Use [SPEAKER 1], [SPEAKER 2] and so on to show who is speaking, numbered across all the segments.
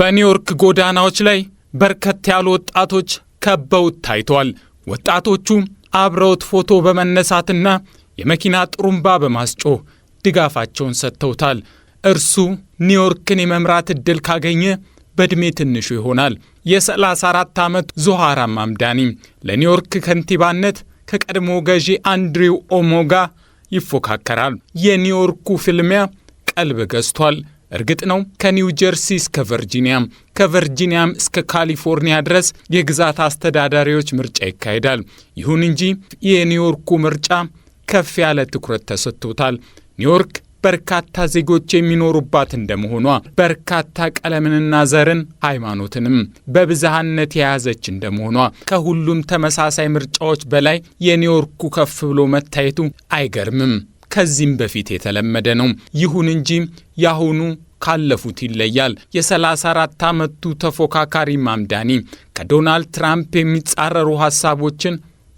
[SPEAKER 1] በኒውዮርክ ጎዳናዎች ላይ በርከት ያሉ ወጣቶች ከበውት ታይተዋል። ወጣቶቹ አብረውት ፎቶ በመነሳትና የመኪና ጥሩምባ በማስጮህ ድጋፋቸውን ሰጥተውታል። እርሱ ኒውዮርክን የመምራት ዕድል ካገኘ በዕድሜ ትንሹ ይሆናል። የ34 ዓመት ዞሃራ ማምዳኒ ለኒውዮርክ ከንቲባነት ከቀድሞ ገዢ አንድሪው ኦሞጋ ይፎካከራል። የኒውዮርኩ ፍልሚያ ቀልብ ገዝቷል። እርግጥ ነው ከኒው ጀርሲ እስከ ቨርጂኒያም ከቨርጂኒያም እስከ ካሊፎርኒያ ድረስ የግዛት አስተዳዳሪዎች ምርጫ ይካሄዳል። ይሁን እንጂ የኒውዮርኩ ምርጫ ከፍ ያለ ትኩረት ተሰጥቶታል። ኒውዮርክ በርካታ ዜጎች የሚኖሩባት እንደመሆኗ በርካታ ቀለምንና ዘርን ሃይማኖትንም በብዝሃነት የያዘች እንደመሆኗ ከሁሉም ተመሳሳይ ምርጫዎች በላይ የኒውዮርኩ ከፍ ብሎ መታየቱ አይገርምም። ከዚህም በፊት የተለመደ ነው። ይሁን እንጂ የአሁኑ ካለፉት ይለያል። የ34 ዓመቱ ተፎካካሪ ማምዳኒ ከዶናልድ ትራምፕ የሚጻረሩ ሐሳቦችን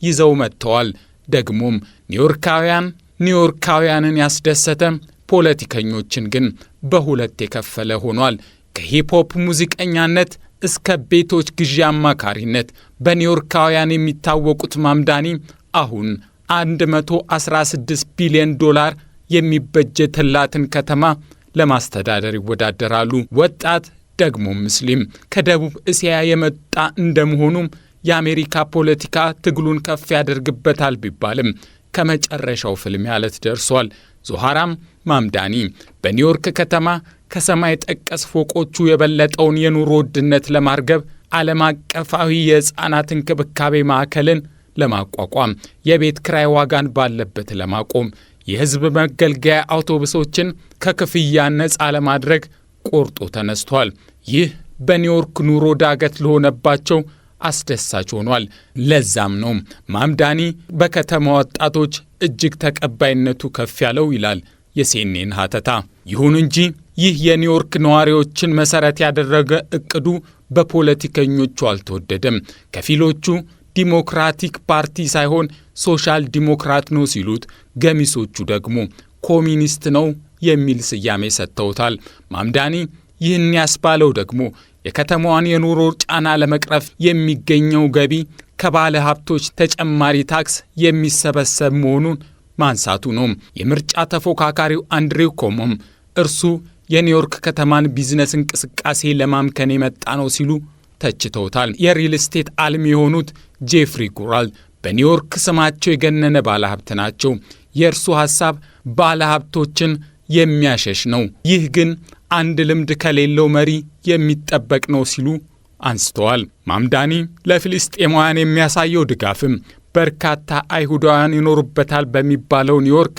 [SPEAKER 1] ይዘው መጥተዋል። ደግሞም ኒውዮርካውያን ኒውዮርካውያንን ያስደሰተ ፖለቲከኞችን ግን በሁለት የከፈለ ሆኗል። ከሂፕሆፕ ሙዚቀኛነት እስከ ቤቶች ግዢ አማካሪነት በኒውዮርካውያን የሚታወቁት ማምዳኒ አሁን 116 ቢሊዮን ዶላር የሚበጀትላትን ከተማ ለማስተዳደር ይወዳደራሉ። ወጣት ደግሞ ሙስሊም ከደቡብ እስያ የመጣ እንደመሆኑም የአሜሪካ ፖለቲካ ትግሉን ከፍ ያደርግበታል ቢባልም ከመጨረሻው ፍልሚያ ዕለት ደርሷል። ዞሃራም ማምዳኒ በኒውዮርክ ከተማ ከሰማይ ጠቀስ ፎቆቹ የበለጠውን የኑሮ ውድነት ለማርገብ ዓለም አቀፋዊ የሕፃናት እንክብካቤ ማዕከልን ለማቋቋም የቤት ክራይ ዋጋን ባለበት ለማቆም የህዝብ መገልገያ አውቶቡሶችን ከክፍያ ነጻ ለማድረግ ቆርጦ ተነስቷል። ይህ በኒውዮርክ ኑሮ ዳገት ለሆነባቸው አስደሳች ሆኗል። ለዛም ነው ማምዳኒ በከተማ ወጣቶች እጅግ ተቀባይነቱ ከፍ ያለው ይላል የሴኔን ሀተታ። ይሁን እንጂ ይህ የኒውዮርክ ነዋሪዎችን መሠረት ያደረገ እቅዱ በፖለቲከኞቹ አልተወደደም። ከፊሎቹ ዲሞክራቲክ ፓርቲ ሳይሆን ሶሻል ዲሞክራት ነው ሲሉት፣ ገሚሶቹ ደግሞ ኮሚኒስት ነው የሚል ስያሜ ሰጥተውታል። ማምዳኒ ይህን ያስባለው ደግሞ የከተማዋን የኑሮ ጫና ለመቅረፍ የሚገኘው ገቢ ከባለ ሀብቶች ተጨማሪ ታክስ የሚሰበሰብ መሆኑን ማንሳቱ ነው። የምርጫ ተፎካካሪው አንድሬው ኮሞም እርሱ የኒውዮርክ ከተማን ቢዝነስ እንቅስቃሴ ለማምከን የመጣ ነው ሲሉ ተችተውታል። የሪል ስቴት አልሚ የሆኑት ጄፍሪ ጉራል በኒውዮርክ ስማቸው የገነነ ባለሀብት ናቸው። የእርሱ ሐሳብ ባለሀብቶችን የሚያሸሽ ነው። ይህ ግን አንድ ልምድ ከሌለው መሪ የሚጠበቅ ነው ሲሉ አንስተዋል። ማምዳኒ ለፊልስጤማውያን የሚያሳየው ድጋፍም በርካታ አይሁዳውያን ይኖሩበታል በሚባለው ኒውዮርክ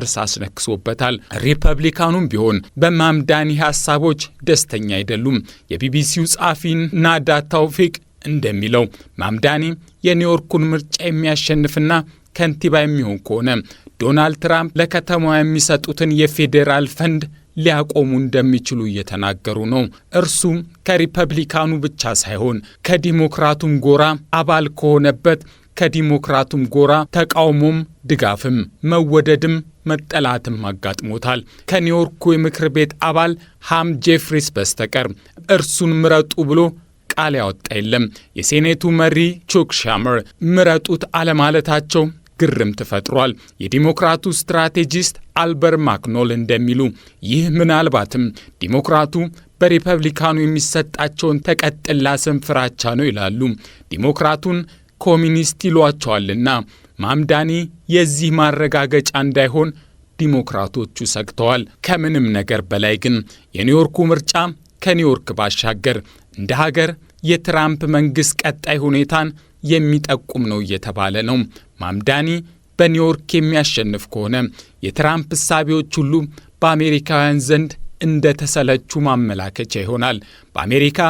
[SPEAKER 1] ጥርስ አስነክሶበታል። ሪፐብሊካኑም ቢሆን በማምዳኒ ሐሳቦች ደስተኛ አይደሉም። የቢቢሲው ናዳ ታውፊቅ እንደሚለው ማምዳኒ የኒውዮርኩን ምርጫ የሚያሸንፍና ከንቲባ የሚሆን ከሆነ ዶናልድ ትራምፕ ለከተማዋ የሚሰጡትን የፌዴራል ፈንድ ሊያቆሙ እንደሚችሉ እየተናገሩ ነው። እርሱም ከሪፐብሊካኑ ብቻ ሳይሆን ከዲሞክራቱም ጎራ አባል ከሆነበት ከዲሞክራቱም ጎራ ተቃውሞም ድጋፍም መወደድም መጠላትም አጋጥሞታል። ከኒውዮርኩ የምክር ቤት አባል ሃም ጄፍሪስ በስተቀር እርሱን ምረጡ ብሎ ቃል ያወጣ የለም። የሴኔቱ መሪ ቹክ ሻመር ምረጡት አለማለታቸው ግርም ትፈጥሯል። የዲሞክራቱ ስትራቴጂስት አልበር ማክኖል እንደሚሉ ይህ ምናልባትም ዲሞክራቱ በሪፐብሊካኑ የሚሰጣቸውን ተቀጥላ ስም ፍራቻ ነው ይላሉ። ዲሞክራቱን ኮሚኒስት ይሏቸዋልና ማምዳኒ የዚህ ማረጋገጫ እንዳይሆን ዲሞክራቶቹ ሰግተዋል። ከምንም ነገር በላይ ግን የኒውዮርኩ ምርጫ ከኒውዮርክ ባሻገር እንደ ሀገር የትራምፕ መንግሥት ቀጣይ ሁኔታን የሚጠቁም ነው እየተባለ ነው። ማምዳኒ በኒውዮርክ የሚያሸንፍ ከሆነ የትራምፕ እሳቤዎች ሁሉ በአሜሪካውያን ዘንድ እንደተሰለቹ ማመላከቻ ይሆናል። በአሜሪካ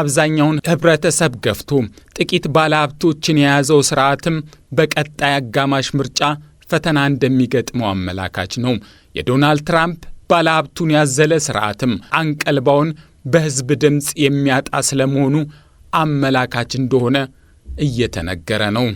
[SPEAKER 1] አብዛኛውን ህብረተሰብ ገፍቶ ጥቂት ባለሀብቶችን የያዘው ስርዓትም በቀጣይ አጋማሽ ምርጫ ፈተና እንደሚገጥመው አመላካች ነው። የዶናልድ ትራምፕ ባለሀብቱን ያዘለ ስርዓትም አንቀልባውን በሕዝብ ድምፅ የሚያጣ ስለመሆኑ አመላካች እንደሆነ እየተነገረ ነው።